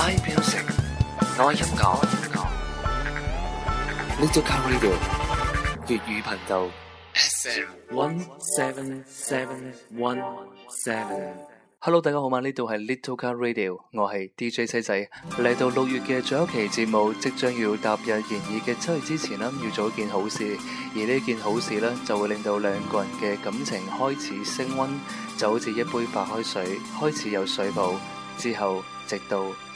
I Music，愛音樂，Little Car Radio，粵語頻道。SM One Seven Seven One Seven，Hello，大家好嘛？呢度係 Little Car Radio，我係 DJ 西仔。嚟到六月嘅最後一期節目，即將要踏入炎熱嘅七月之前啦，要做一件好事。而呢件好事咧，就會令到兩個人嘅感情開始升溫，就好似一杯白開水開始有水泡之後，直到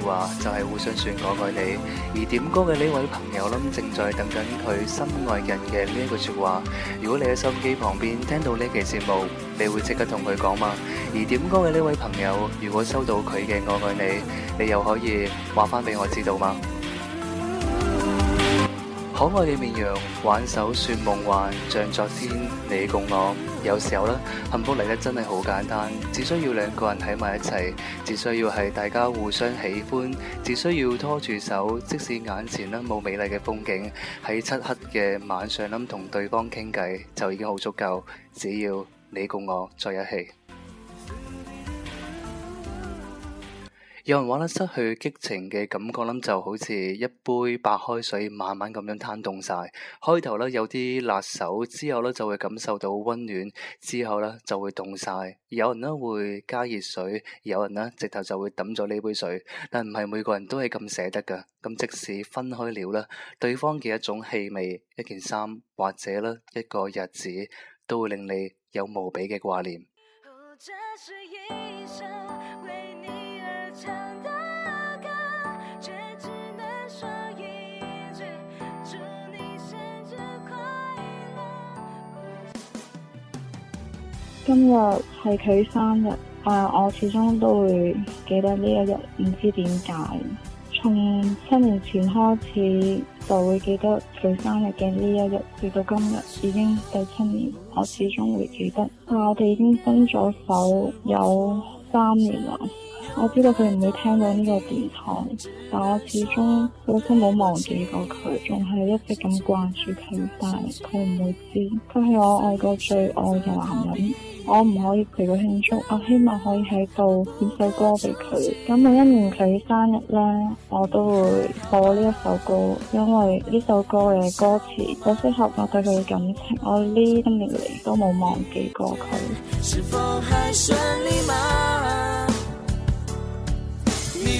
話就係、是、互相說我愛你，而點歌嘅呢位朋友諗正在等緊佢心愛的人嘅呢一句說話。如果你喺收音機旁邊聽到呢期節目，你會即刻同佢講嗎？而點歌嘅呢位朋友，如果收到佢嘅我愛你，你又可以話翻俾我知道嗎？可愛嘅面容挽手説夢幻，像昨天你共我。有時候呢，幸福嚟得真係好簡單，只需要兩個人喺埋一齊，只需要係大家互相喜歡，只需要拖住手，即使眼前呢冇美麗嘅風景，喺漆黑嘅晚上諗同對方傾偈就已經好足夠。只要你共我在一起。有人玩得失去激情嘅感覺，諗就好似一杯白開水，慢慢咁樣攤凍晒。開頭有啲辣手，之後就會感受到溫暖，之後就會凍晒；有人咧會加熱水，有人直頭就會抌咗呢杯水。但唔係每個人都係咁捨得㗎。咁即使分開了咧，對方嘅一種氣味、一件衫或者一個日子，都會令你有無比嘅掛念。今日係佢生日，但係我始終都會記得呢一日，唔知點解。從七年前開始就會記得佢生日嘅呢一日，直到今日已經第七年，我始終會記得。但係我哋已經分咗手了有三年啦。我知道佢唔會聽到呢個電台，但我始終都都冇忘記過佢，仲係一直咁掛住佢。但係佢唔會知，佢係我愛過最愛嘅男人，我唔可以陪佢慶祝。我希望可以喺度點首歌俾佢。咁每一年佢生日呢，我都會播呢一首歌，因為呢首歌嘅歌詞好適合我對佢嘅感情。我呢一年嚟都冇忘記過佢。是否還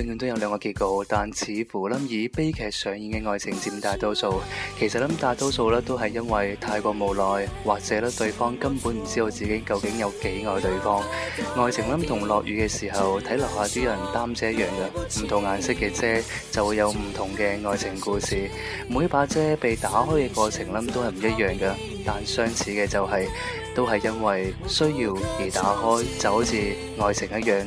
永遠都有兩個結果，但似乎諗以悲劇上演嘅愛情佔大多數。其實諗大多數咧都係因為太過無奈，或者咧對方根本唔知道自己究竟有幾愛對方。愛情諗同落雨嘅時候睇樓下啲人擔遮一樣噶，唔同顏色嘅遮就會有唔同嘅愛情故事。每一把遮被打開嘅過程諗都係唔一樣噶，但相似嘅就係都係因為需要而打開，就好似愛情一樣。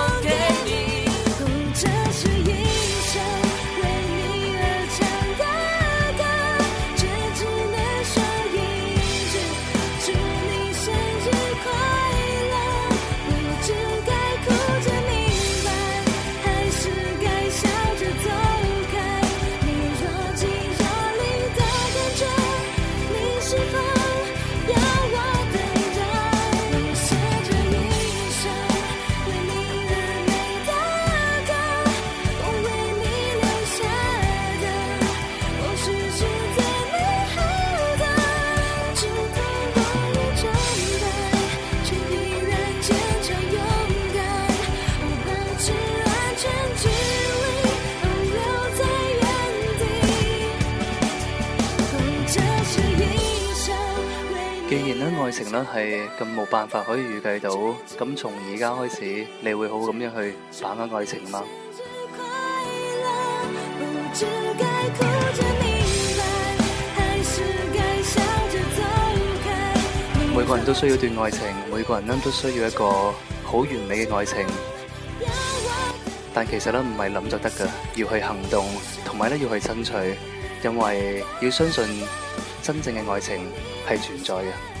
係咁冇辦法可以預計到，咁從而家開始，你會好咁樣去把握愛情嗎？每個人都需要段愛情，每個人咧都需要一個好完美嘅愛情，但其實咧唔係諗就得噶，要去行動，同埋咧要去爭取，因為要相信真正嘅愛情係存在嘅。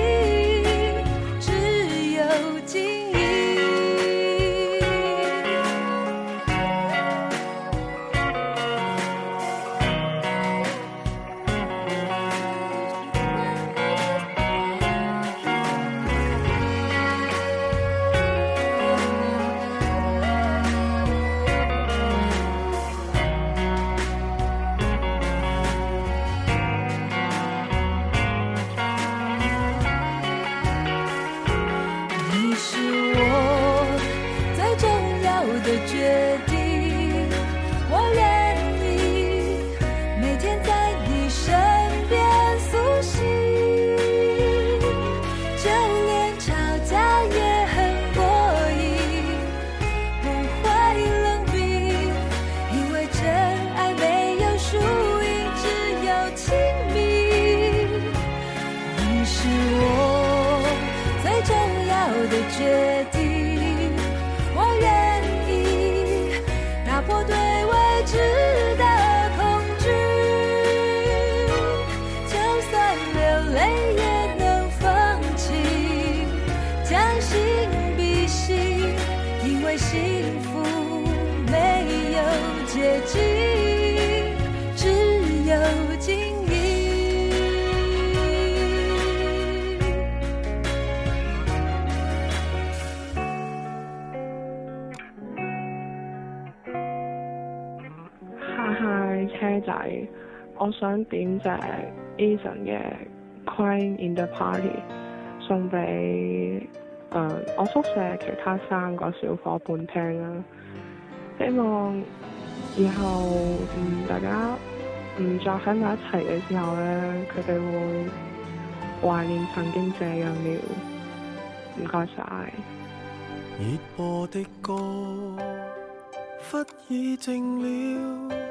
車仔，我想點隻 Eason 嘅《Crying in the Party》送俾誒我宿舍其他三個小伙伴聽啦。希望以後大家唔再喺埋一齊嘅時候咧，佢哋會懷念曾經這樣了。唔該晒。熱播的歌，忽已靜了。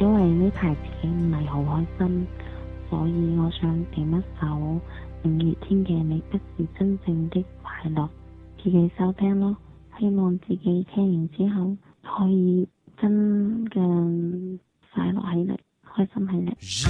因為呢排自己唔係好開心，所以我想點一首五月天嘅《你不是真正的快樂》，自己收聽咯。希望自己聽完之後可以真嘅快樂起嚟，開心起嚟。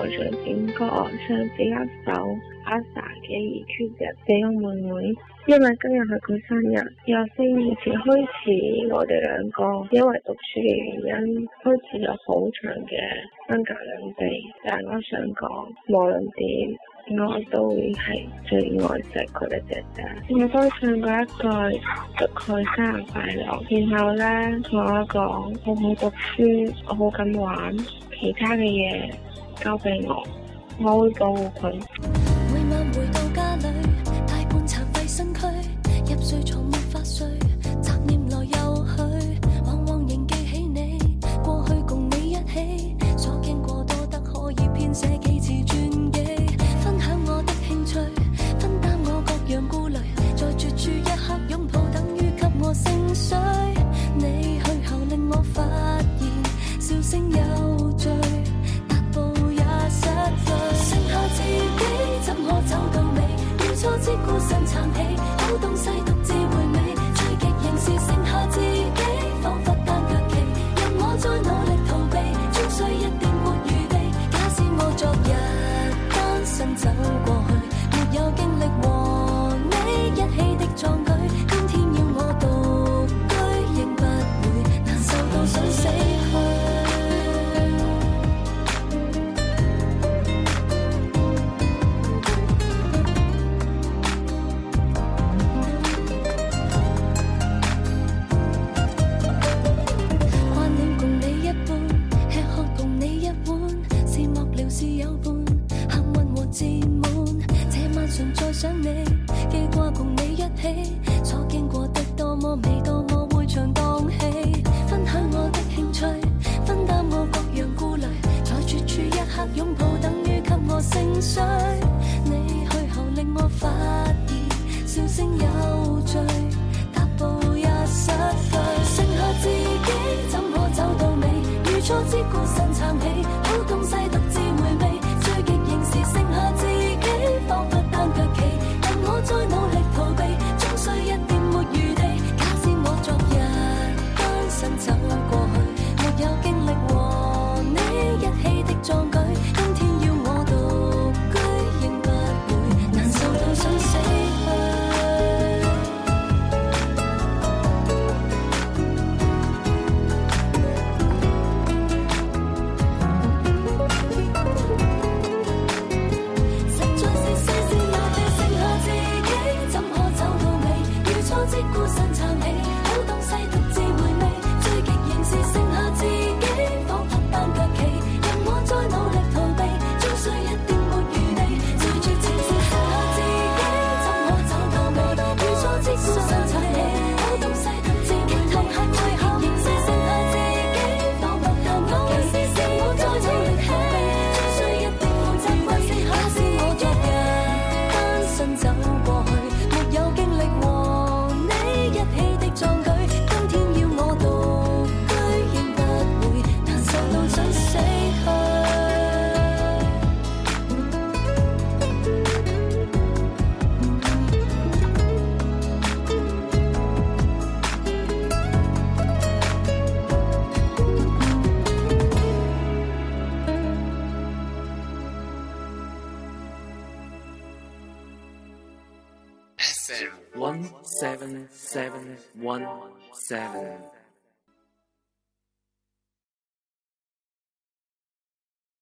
我想點歌，唱第一首阿 sa 嘅《二 q 日俾我妹妹》，因為今日係佢生日。由四年前開始，我哋兩個因為讀書嘅原因，開始咗好長嘅分隔兩地。但係我想講，無論點，我都會係最愛錫佢嘅姐姐。我都唱過一句祝佢生日快樂。然後咧，同我講，我好讀書，我好咁玩，其他嘅嘢。交俾我，我會保護佢。每晚回到家裡大半